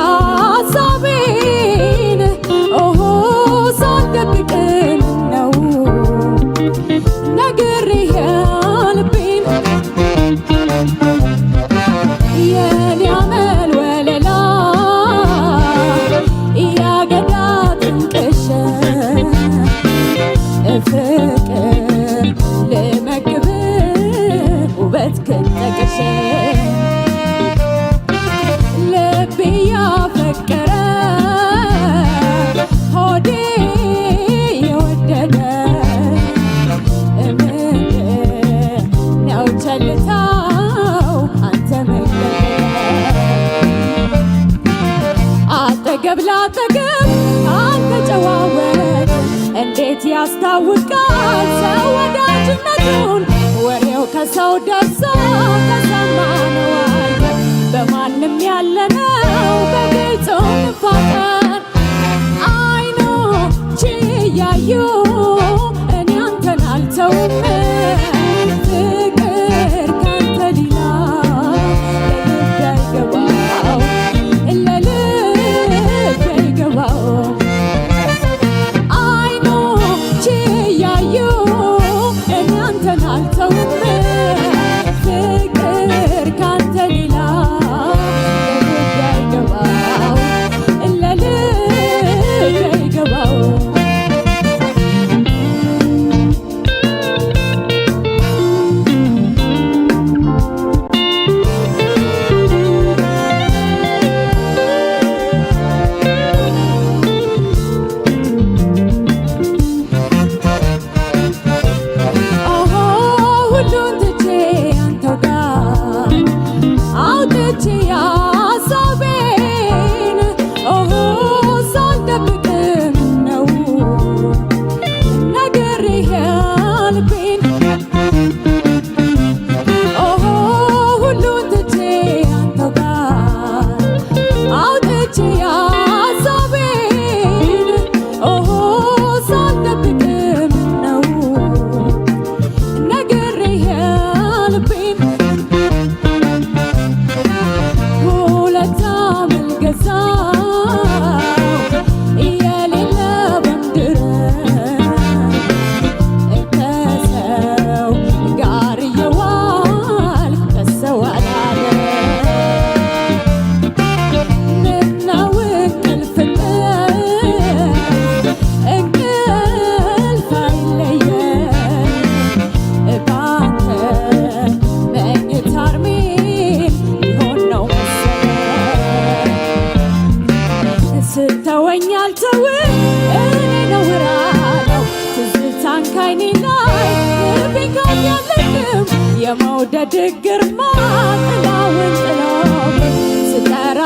ሀሳቤ አጠገብ ላጠገብ አንተ እንዴት ያስታውቃል ሰው ወዳጅነቱን ወሬው ከሰው ደርሶ ተሰማነው በማንም ያለነው በግልጽ እንፋቀር አይኖች እያዩ እኔ አንተን አልተውም የመውደድ ግርማ ጥላውን ስጠራ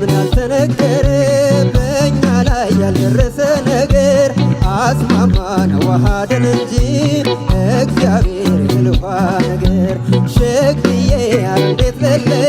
ለምን አልተነገረ በእኛ ላይ ያልደረሰ ነገር አስማማን አዋሃደን እንጂ እግዚአብሔር የልኋ ነገር ለለ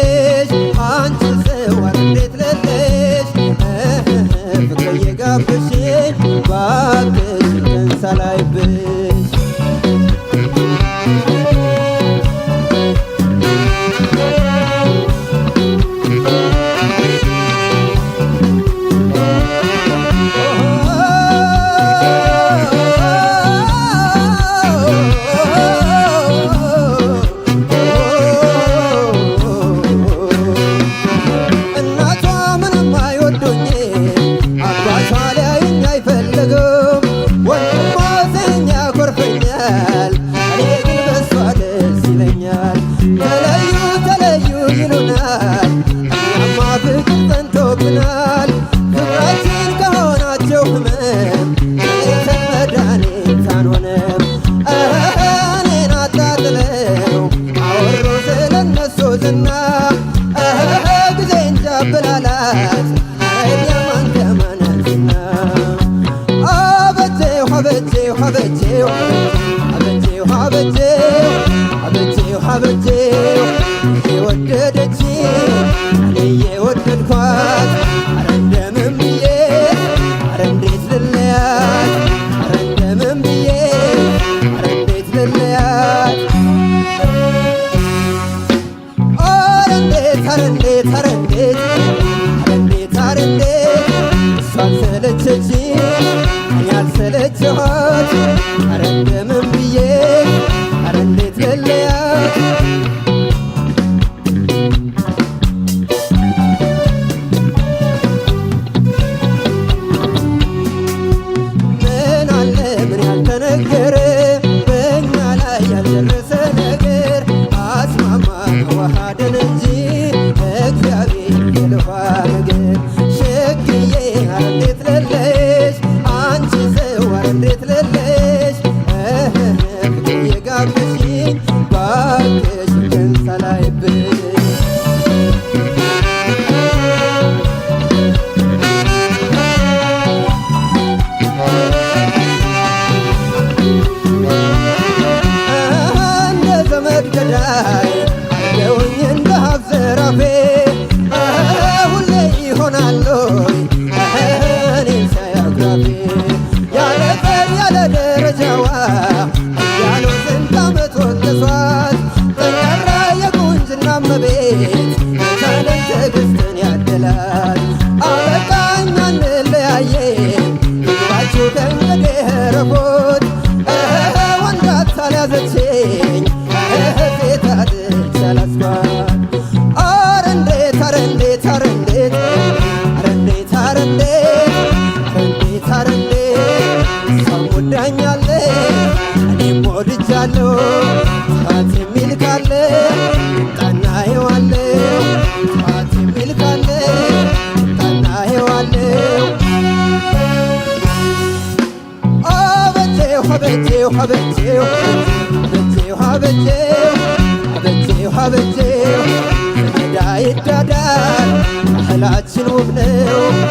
ሁላችን ውብ ነው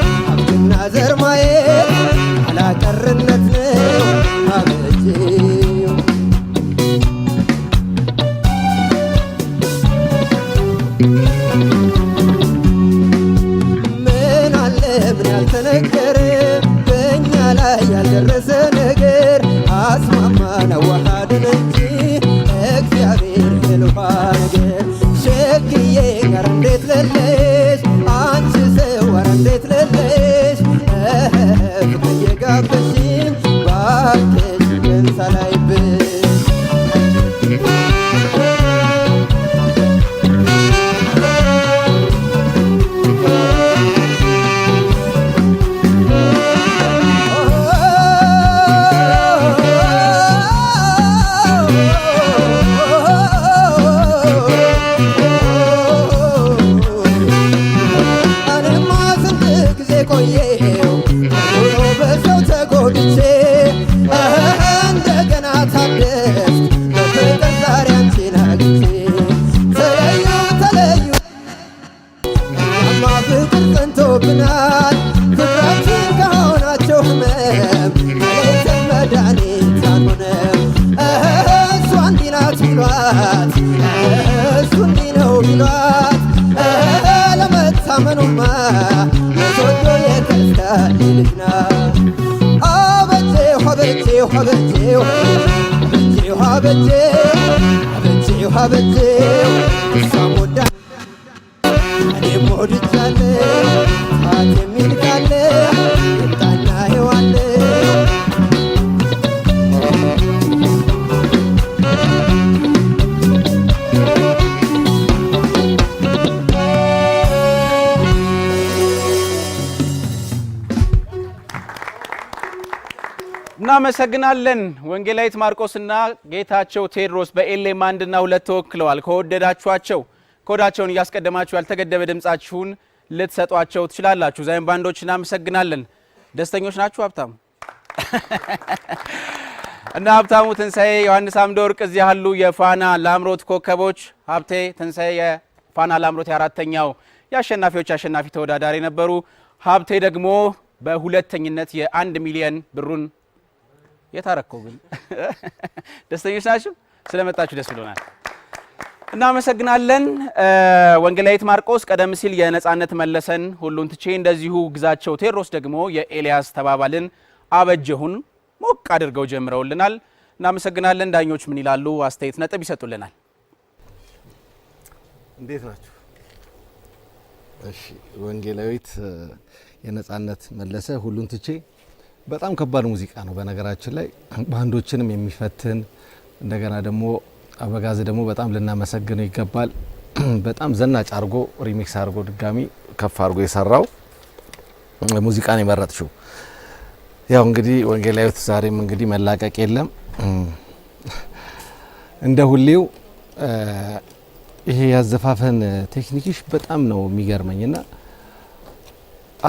ሌልሽና አበቴ ኋበቴ ኋበቴ ኋበቴ እናመሰግናለን። ወንጌላዊት ማርቆስና ጌታቸው ቴዎድሮስ በኤሌም አንድና ሁለት ተወክለዋል። ከወደዳችኋቸው ኮዳቸውን እያስቀደማችሁ ያልተገደበ ድምጻችሁን ልትሰጧቸው ትችላላችሁ። ዛይም ባንዶች እናመሰግናለን። ደስተኞች ናችሁ? ሀብታሙ እና ሀብታሙ ትንሣኤ ዮሐንስ አምደወርቅ እዚህ ያሉ የፋና ላምሮት ኮከቦች፣ ሀብቴ ትንሣኤ የፋና ላምሮት የአራተኛው የአሸናፊዎች አሸናፊ ተወዳዳሪ ነበሩ። ሀብቴ ደግሞ በሁለተኝነት የአንድ ሚሊየን ብሩን የታረከው ግን ደስተኞች ናችሁ? ስለመጣችሁ ደስ ብሎናል። እናመሰግናለን። ወንጌላዊት ማርቆስ ቀደም ሲል የነፃነት መለሰን ሁሉን ትቼ፣ እንደዚሁ ግዛቸው ቴዎድሮስ ደግሞ የኤልያስ ተባባልን አበጀሁን ሞቅ አድርገው ጀምረውልናል። እናመሰግናለን። ዳኞች ምን ይላሉ? አስተያየት ነጥብ ይሰጡልናል። እንዴት ናችሁ? እሺ፣ ወንጌላዊት የነጻነት መለሰ ሁሉን ትቼ በጣም ከባድ ሙዚቃ ነው። በነገራችን ላይ ባንዶችንም የሚፈትን እንደገና ደግሞ አበጋዝ ደግሞ በጣም ልናመሰግነው ይገባል። በጣም ዘናጭ አርጎ ሪሚክስ አርጎ ድጋሚ ከፍ አርጎ የሰራው ሙዚቃን የመረጥሽው ያው እንግዲህ ወንጌላዊት ዛሬም እንግዲህ መላቀቅ የለም እንደ ሁሌው ይሄ ያዘፋፈን ቴክኒክሽ በጣም ነው የሚገርመኝ ና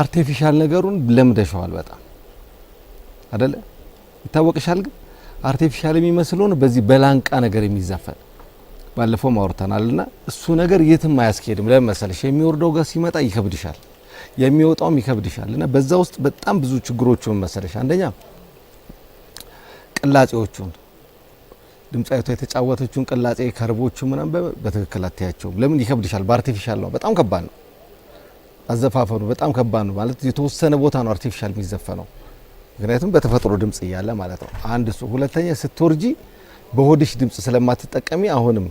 አርቲፊሻል ነገሩን ለምደሸዋል በጣም አይደለ ይታወቅሻል። ግን አርቲፊሻል የሚመስለውን በዚህ በላንቃ ነገር የሚዛፈን ባለፈው ማውርተናል ና እሱ ነገር የትም አያስኬድም። ለምን የሚወርደው ጋር ሲመጣ ይከብድሻል፣ የሚወጣውም ይከብድሻል። እና በዛ ውስጥ በጣም ብዙ ችግሮቹ መሰለሽ አንደኛ ቅላጼዎቹን ድምጻዊቷ የተጫወተችውን ቅላጼ ከርቦቹ ምናምን በትክክል አትያቸውም። ለምን ይከብድሻል? በአርቲፊሻል ነው፣ በጣም ከባድ ነው። አዘፋፈኑ በጣም ከባድ ነው ማለት የተወሰነ ቦታ ነው አርቲፊሻል የሚዘፈነው ምክንያቱም በተፈጥሮ ድምፅ እያለ ማለት ነው። አንድ እሱ። ሁለተኛ ስትወርጂ በሆድሽ ድምፅ ስለማትጠቀሚ አሁንም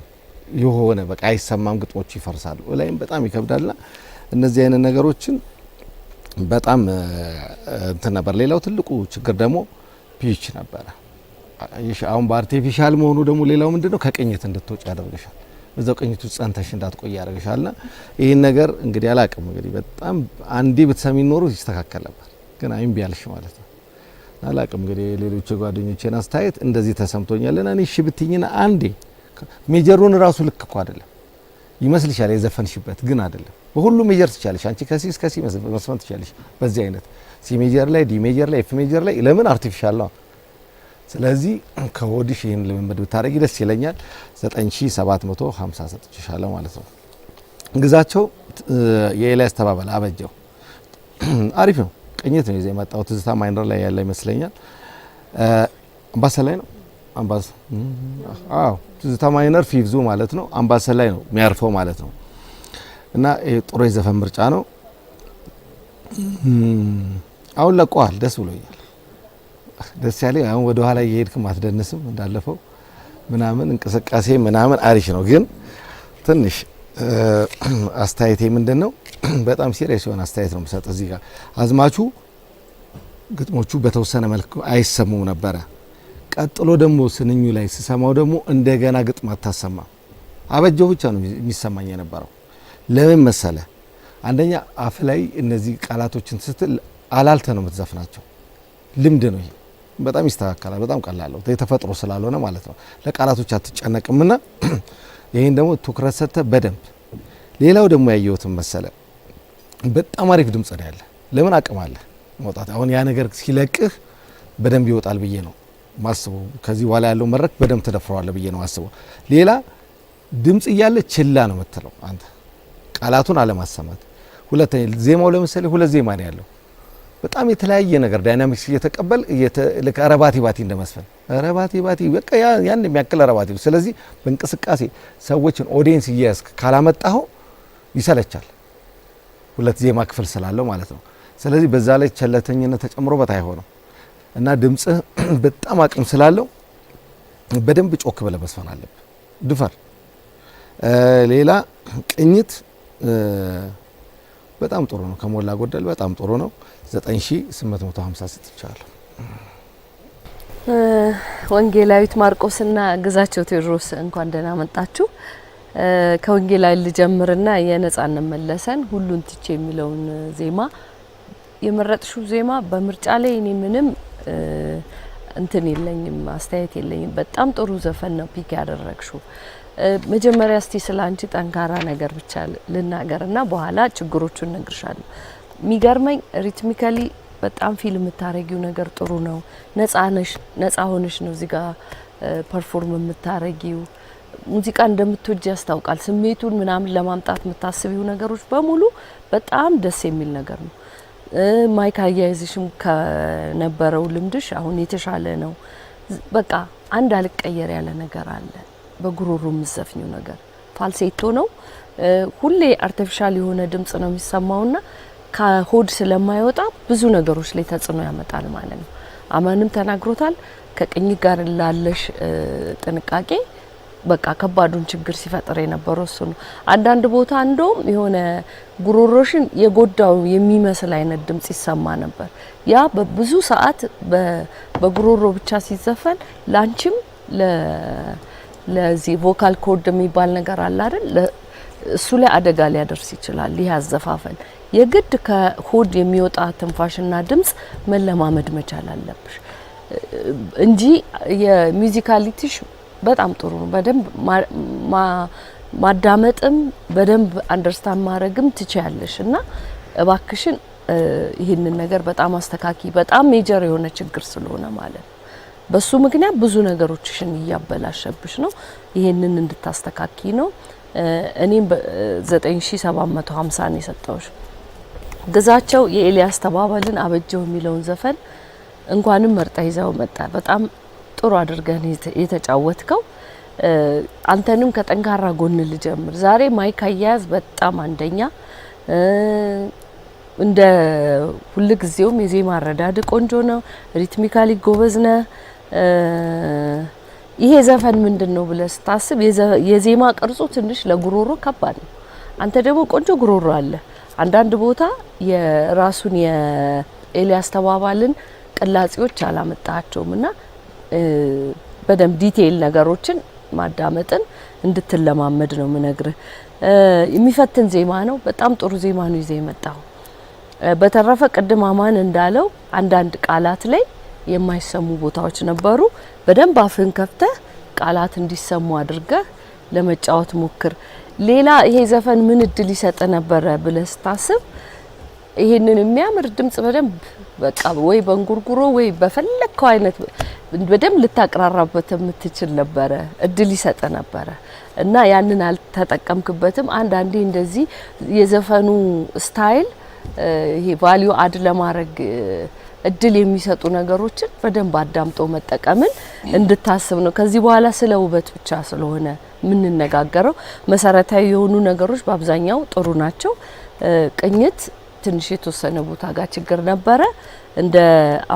የሆነ በቃ አይሰማም፣ ግጥሞቹ ይፈርሳሉ፣ ላይም በጣም ይከብዳልና እነዚህ አይነት ነገሮችን በጣም እንትን ነበር። ሌላው ትልቁ ችግር ደግሞ ፒች ነበረ። አሁን በአርቲፊሻል መሆኑ ደግሞ ሌላው ነው ከቅኝት እንድትወጭ ያደርግሻል። እዛው ቅኝቱ ጸንተሽ እንዳትቆይ ና ይህን ነገር እንግዲህ አላቅም። እንግዲህ በጣም አንዴ ብትሰሚ ኖሩ ይስተካከል ነበር፣ ግን አይም ቢያልሽ ማለት ነው አላቅም እንግዲህ ሌሎች ጓደኞቼን አስተያየት እንደዚህ ተሰምቶኛልና እኔ ሽብትኝን አንዴ ሜጀሩን ራሱ ልክ እኮ አይደለም ይመስልሻል፣ የዘፈንሽበት ግን አይደለም። በሁሉ ሜጀር ትቻለሽ አንቺ ከሲ እስከ ሲ መስፈን ትቻለሽ። በዚህ አይነት ሲ ሜጀር ላይ ዲ ሜጀር ላይ ኤፍ ሜጀር ላይ ለምን አርቲፊሻል ነው። ስለዚህ ከወዲሽ ይህን ልምምድ ብታደረጊ ደስ ይለኛል። 9750 ሰጥችሻለሁ ማለት ነው። ግዛቸው የኤልያስ ተባባል አበጀው አሪፍ ነው። ቅኝት ነው ይዘህ የመጣው። ትዝታ ማይነር ላይ ያለ ይመስለኛል። አምባሰ ላይ ነው አምባሰ። አዎ ትዝታ ማይነር ፊብዙ ማለት ነው። አምባሰ ላይ ነው የሚያርፈው ማለት ነው። እና ጥሩ የዘፈን ምርጫ ነው። አሁን ለቀዋል። ደስ ብሎኛል። ደስ ያለ አሁን ወደ ኋላ እየሄድክም አትደንስም እንዳለፈው ምናምን እንቅስቃሴ ምናምን አሪፍ ነው ግን ትንሽ አስተያየቴ ምንድን ነው? በጣም ሲሪየስ የሆነ አስተያየት ነው የምሰጥ። እዚህ ጋር አዝማቹ ግጥሞቹ በተወሰነ መልክ አይሰሙም ነበረ። ቀጥሎ ደግሞ ስንኙ ላይ ስሰማው ደግሞ እንደገና ግጥም አታሰማም፣ አበጀው ብቻ ነው የሚሰማኝ የነበረው። ለምን መሰለ? አንደኛ አፍ ላይ እነዚህ ቃላቶችን ስትል አላልተ ነው የምትዘፍናቸው። ልምድ ነው ይሄ። በጣም ይስተካከላል። በጣም ቀላለሁ የተፈጥሮ ስላልሆነ ማለት ነው። ለቃላቶች አትጨነቅምና ይህን ደግሞ ትኩረት ሰጥተ በደንብ ሌላው ደግሞ ያየሁትን መሰለ በጣም አሪፍ ድምፅ ነው ያለ ለምን አቅም አለ መውጣት አሁን ያ ነገር ሲለቅህ በደንብ ይወጣል ብዬ ነው ማስበው ከዚህ በኋላ ያለው መድረክ በደንብ ተደፍረዋለ ብዬ ነው አስበው ሌላ ድምጽ እያለ ችላ ነው የምትለው አንተ ቃላቱን አለማሰማት ሁለተኛ ዜማው ለምሳሌ ሁለት ዜማ ነው ያለው በጣም የተለያየ ነገር ዳይናሚክስ እየተቀበል ረባቲ ባቲ እንደመስፈን ረባቲ ባቲ በቃ ያን የሚያክል ረባቲ። ስለዚህ በእንቅስቃሴ ሰዎችን ኦዲየንስ እያያዝክ ካላመጣኸው ይሰለቻል። ሁለት ዜማ ክፍል ስላለው ማለት ነው። ስለዚህ በዛ ላይ ቸለተኝነት ተጨምሮበት አይሆንም እና ድምፅህ በጣም አቅም ስላለው በደንብ ጮክ ብለህ መስፈን አለብህ። ድፈር። ሌላ ቅኝት በጣም ጥሩ ነው። ከሞላ ጎደል በጣም ጥሩ ነው። 9850 ሰጥቻለሁ። ወንጌላዊት ማርቆስና ግዛቸው ቴዎድሮስ እንኳን ደህና መጣችሁ። ከወንጌላዊ ልጀምርና የነጻነት መለሰን ሁሉን ትቼ የሚለውን ዜማ የመረጥሹ ዜማ በምርጫ ላይ እኔ ምንም እንትን የለኝም፣ አስተያየት የለኝም። በጣም ጥሩ ዘፈን ነው ፒክ ያደረግሹ መጀመሪያ እስቲ ስለ አንቺ ጠንካራ ነገር ብቻ ልናገር እና በኋላ ችግሮቹን ነግርሻለ የሚገርመኝ ሪትሚካሊ በጣም ፊል የምታረጊው ነገር ጥሩ ነው። ነጻ ሆነሽ ነው እዚህ ጋር ፐርፎርም የምታረጊው። ሙዚቃ እንደምትወጅ ያስታውቃል። ስሜቱን ምናምን ለማምጣት የምታስቢው ነገሮች በሙሉ በጣም ደስ የሚል ነገር ነው። ማይክ አያይዝሽም ከነበረው ልምድሽ አሁን የተሻለ ነው። በቃ አንድ አልቀየር ያለ ነገር አለ በጉሮሮ የምዘፍኘው ነገር ፋልሴቶ ነው። ሁሌ አርቲፊሻል የሆነ ድምጽ ነው የሚሰማውና ከሆድ ስለማይወጣ ብዙ ነገሮች ላይ ተጽዕኖ ያመጣል ማለት ነው። አማንም ተናግሮታል። ከቅኝት ጋር ላለሽ ጥንቃቄ በቃ ከባዱን ችግር ሲፈጥር የነበረው እሱ ነው። አንዳንድ ቦታ እንደውም የሆነ ጉሮሮሽን የጎዳው የሚመስል አይነት ድምጽ ይሰማ ነበር። ያ በብዙ ሰዓት በጉሮሮ ብቻ ሲዘፈን ላንቺም ለዚህ ቮካል ኮርድ የሚባል ነገር አለ አይደል? እሱ ላይ አደጋ ሊያደርስ ይችላል። ይህ አዘፋፈን የግድ ከሆድ የሚወጣ ትንፋሽና ድምጽ መለማመድ መቻል አለብሽ እንጂ የሚዚካሊቲሽ በጣም ጥሩ ነው። በደንብ ማዳመጥም በደንብ አንደርስታንድ ማድረግም ትችያለሽ እና እባክሽን ይህንን ነገር በጣም አስተካኪ። በጣም ሜጀር የሆነ ችግር ስለሆነ ማለት ነው። በሱ ምክንያት ብዙ ነገሮችሽን እያበላሸብሽ ነው። ይሄንን እንድታስተካኪ ነው። እኔም 9750 ነው የሰጠውሽ። ግዛቸው የኤልያስ ተባባልን አበጀው የሚለውን ዘፈን እንኳንም መርጣ ይዘው መጣ። በጣም ጥሩ አድርገን የተጫወትከው። አንተንም ከጠንካራ ጎን ልጀምር። ዛሬ ማይክ አያያዝ በጣም አንደኛ፣ እንደ ሁልጊዜውም የዜማ አረዳድ ቆንጆ ነው። ሪትሚካሊ ጎበዝ ነህ። ይሄ ዘፈን ምንድን ነው ብለህ ስታስብ የዜማ ቅርጹ ትንሽ ለጉሮሮ ከባድ ነው። አንተ ደግሞ ቆንጆ ጉሮሮ አለ። አንዳንድ ቦታ የራሱን የኤልያስ ተባባልን ቅላጼዎች አላመጣቸውም እና በደንብ ዲቴይል ነገሮችን ማዳመጥን እንድትለማመድ ነው ምነግርህ። የሚፈትን ዜማ ነው። በጣም ጥሩ ዜማ ነው ይዘህ የመጣው። በተረፈ ቅድም አማን እንዳለው አንዳንድ ቃላት ላይ የማይሰሙ ቦታዎች ነበሩ። በደንብ አፍህን ከፍተህ ቃላት እንዲሰሙ አድርገህ ለመጫወት ሞክር። ሌላ ይሄ ዘፈን ምን እድል ይሰጥ ነበረ ብለህ ስታስብ ይሄንን የሚያምር ድምጽ በደንብ በቃ ወይ በእንጉርጉሮ ወይ በፈለግከው አይነት በደንብ ልታቀራራበት የምትችል ነበረ፣ እድል ይሰጥ ነበረ እና ያንን አልተጠቀምክበትም። አንዳንዴ እንደዚህ የዘፈኑ ስታይል ይሄ ቫሊዩ አድ ለማድረግ እድል የሚሰጡ ነገሮችን በደንብ አዳምጦ መጠቀምን እንድታስብ ነው። ከዚህ በኋላ ስለ ውበት ብቻ ስለሆነ የምንነጋገረው መሰረታዊ የሆኑ ነገሮች በአብዛኛው ጥሩ ናቸው። ቅኝት ትንሽ የተወሰነ ቦታ ጋር ችግር ነበረ። እንደ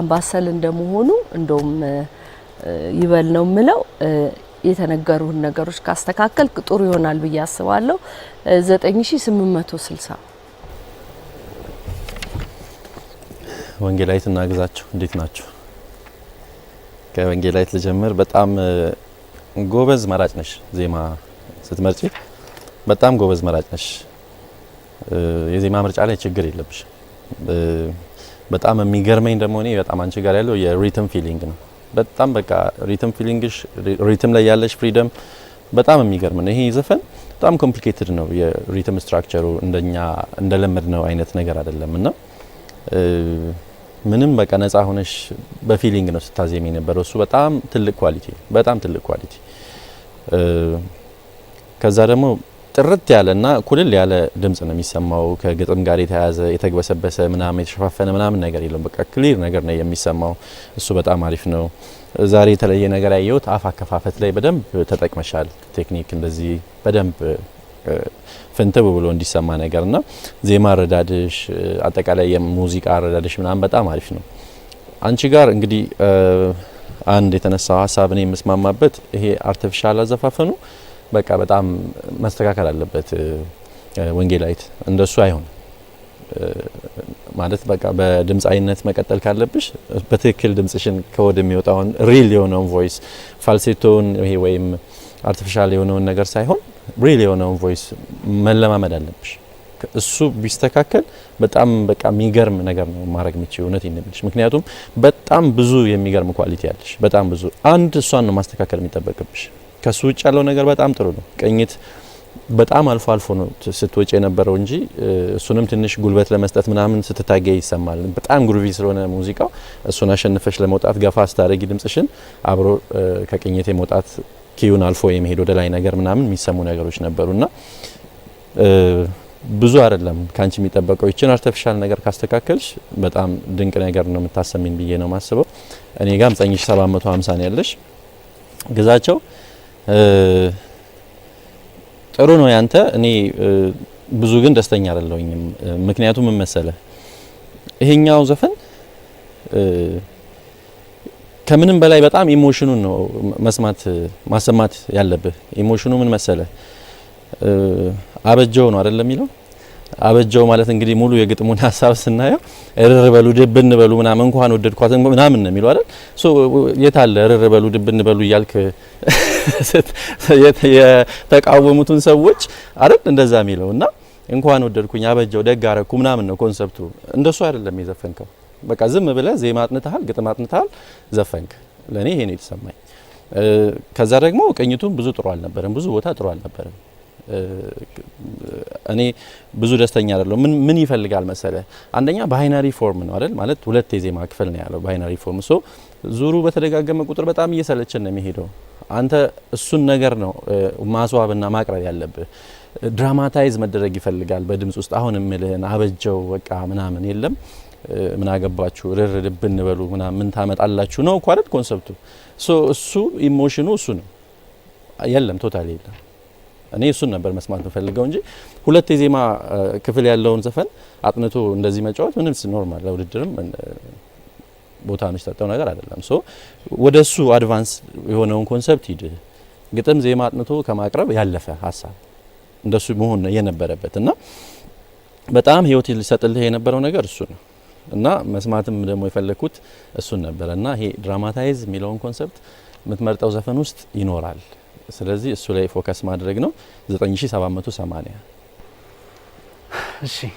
አምባሰል እንደመሆኑ እንደውም ይበል ነው የምለው የተነገሩን ነገሮች ካስተካከል ጥሩ ይሆናል ብዬ አስባለሁ። ስልሳ ወንጌላዊት እናግዛችሁ እንዴት ናችሁ? ከወንጌላዊት ልጀምር። በጣም ጎበዝ መራጭ ነሽ። ዜማ ስትመርጪ በጣም ጎበዝ መራጭ ነሽ። የዜማ ምርጫ ላይ ችግር የለብሽ። በጣም የሚገርመኝ ደግሞ እኔ በጣም አንቺ ጋር ያለው የሪትም ፊሊንግ ነው። በጣም በቃ ሪትም ፊሊንግሽ፣ ሪትም ላይ ያለሽ ፍሪደም በጣም የሚገርም ነው። ይሄ ዘፈን በጣም ኮምፕሊኬትድ ነው። የሪትም ስትራክቸሩ እንደኛ እንደለመድ ነው አይነት ነገር አይደለም እና ምንም በቃ ነጻ ሆነሽ በፊሊንግ ነው ስታዜም የነበረው። እሱ በጣም ትልቅ ኳሊቲ በጣም ትልቅ ኳሊቲ። ከዛ ደግሞ ጥርት ያለና ኩልል ያለ ድምጽ ነው የሚሰማው። ከግጥም ጋር የተያያዘ የተግበሰበሰ ምናምን የተሸፋፈነ ምናምን ነገር የለውም። በቃ ክሊር ነገር ነው የሚሰማው። እሱ በጣም አሪፍ ነው። ዛሬ የተለየ ነገር ያየሁት አፍ አከፋፈት ላይ በደንብ ተጠቅመሻል። ቴክኒክ እንደዚህ በደንብ ፍንትብ ብሎ እንዲሰማ ነገር ና ዜማ አረዳድሽ፣ አጠቃላይ የሙዚቃ አረዳድሽ ምናምን በጣም አሪፍ ነው። አንቺ ጋር እንግዲህ አንድ የተነሳው ሀሳብ እኔ የምስማማበት ይሄ አርቲፊሻል አዘፋፈኑ በቃ በጣም መስተካከል አለበት። ወንጌላዊት እንደሱ አይሆን ማለት በቃ በድምፃዊነት መቀጠል ካለብሽ በትክክል ድምጽሽን ከወደ የሚወጣውን ሪል የሆነውን ቮይስ ፋልሴቶን ይሄ ወይም አርቲፊሻል የሆነውን ነገር ሳይሆን ሪል የሆነውን ቮይስ መለማመድ አለብሽ። እሱ ቢስተካከል በጣም በቃ የሚገርም ነገር ነው ማድረግ የምችው እውነት ይንብልሽ። ምክንያቱም በጣም ብዙ የሚገርም ኳሊቲ ያለሽ በጣም ብዙ አንድ እሷን ነው ማስተካከል የሚጠበቅብሽ። ከሱ ውጭ ያለው ነገር በጣም ጥሩ ነው። ቅኝት በጣም አልፎ አልፎ ነው ስትወጪ የነበረው እንጂ እሱንም ትንሽ ጉልበት ለመስጠት ምናምን ስትታገይ ይሰማል። በጣም ጉርቪ ስለሆነ ሙዚቃው እሱን አሸንፈሽ ለመውጣት ገፋ ስታደረጊ ድምጽሽን አብሮ ከቅኝት የመውጣት ኪዩን አልፎ የመሄድ ወደ ላይ ነገር ምናምን የሚሰሙ ነገሮች ነበሩና ብዙ አይደለም ካንቺ የሚጠበቀው። ይችን አርቲፊሻል ነገር ካስተካከልሽ በጣም ድንቅ ነገር ነው የምታሰሚን ብዬ ነው ማስበው። እኔ ጋም ጸኝሽ 750 ነው ያለሽ። ግዛቸው ጥሩ ነው ያንተ። እኔ ብዙ ግን ደስተኛ አይደለሁኝም። ምክንያቱም መሰለ ይሄኛው ዘፈን ከምንም በላይ በጣም ኢሞሽኑን ነው መስማት ማሰማት ያለብህ። ኢሞሽኑ ምን መሰለ አበጀው ነው አይደለም የሚለው አበጀው ማለት እንግዲህ ሙሉ የግጥሙን ሀሳብ ስናየው እርር በሉ ድብን በሉ ምናምን እንኳን ወደድኳት ምናምን ነው የሚለው አይደል? ሶ የት አለ እርር በሉ ድብን በሉ እያልክ የተቃወሙትን ሰዎች አይደል እንደዛ የሚለው እና እንኳን ወደድኩኝ አበጀው ደግ አረኩ ምናምን ነው ኮንሰፕቱ። እንደሱ አይደለም የዘፈንከው በቃ ዝም ብለ ዜማ አጥንተሃል፣ ግጥም አጥንተሃል፣ ዘፈንክ። ለእኔ ይሄ ነው የተሰማኝ። ከዛ ደግሞ ቅኝቱም ብዙ ጥሩ አልነበረም፣ ብዙ ቦታ ጥሩ አልነበረም። እኔ ብዙ ደስተኛ አይደለሁም። ምን ምን ይፈልጋል መሰለ፣ አንደኛ ባይናሪ ፎርም ነው አይደል? ማለት ሁለት የዜማ ክፍል ነው ያለው ባይናሪ ፎርም። ሶ ዙሩ በተደጋገመ ቁጥር በጣም እየሰለችን ነው የሚሄደው። አንተ እሱን ነገር ነው ማስዋብና ማቅረብ ያለብህ። ድራማታይዝ መደረግ ይፈልጋል በድምጽ ውስጥ አሁን እምልህን አበጀው በቃ ምናምን የለም ምን አገባችሁ ርር እንበሉ ምን ታመጣላችሁ ነው እኮ አይደል ኮንሰፕቱ። እሱ ኢሞሽኑ እሱ ነው። የለም ቶታል የለም። እኔ እሱን ነበር መስማት የምፈልገው እንጂ ሁለት የዜማ ክፍል ያለውን ዘፈን አጥንቶ እንደዚህ መጫወት ምንም ኖርማል፣ ለውድድርም ቦታ የሚሰጠው ነገር አይደለም። ሶ ወደ እሱ አድቫንስ የሆነውን ኮንሰፕት ሂድ። ግጥም ዜማ አጥንቶ ከማቅረብ ያለፈ ሀሳብ እንደሱ መሆን የነበረበት እና በጣም ህይወት ሊሰጥልህ የነበረው ነገር እሱ ነው። እና መስማትም ደግሞ የፈለግኩት እሱን ነበረ እና ይሄ ድራማታይዝ የሚለውን ኮንሰፕት የምትመርጠው ዘፈን ውስጥ ይኖራል። ስለዚህ እሱ ላይ ፎከስ ማድረግ ነው። 9780 እሺ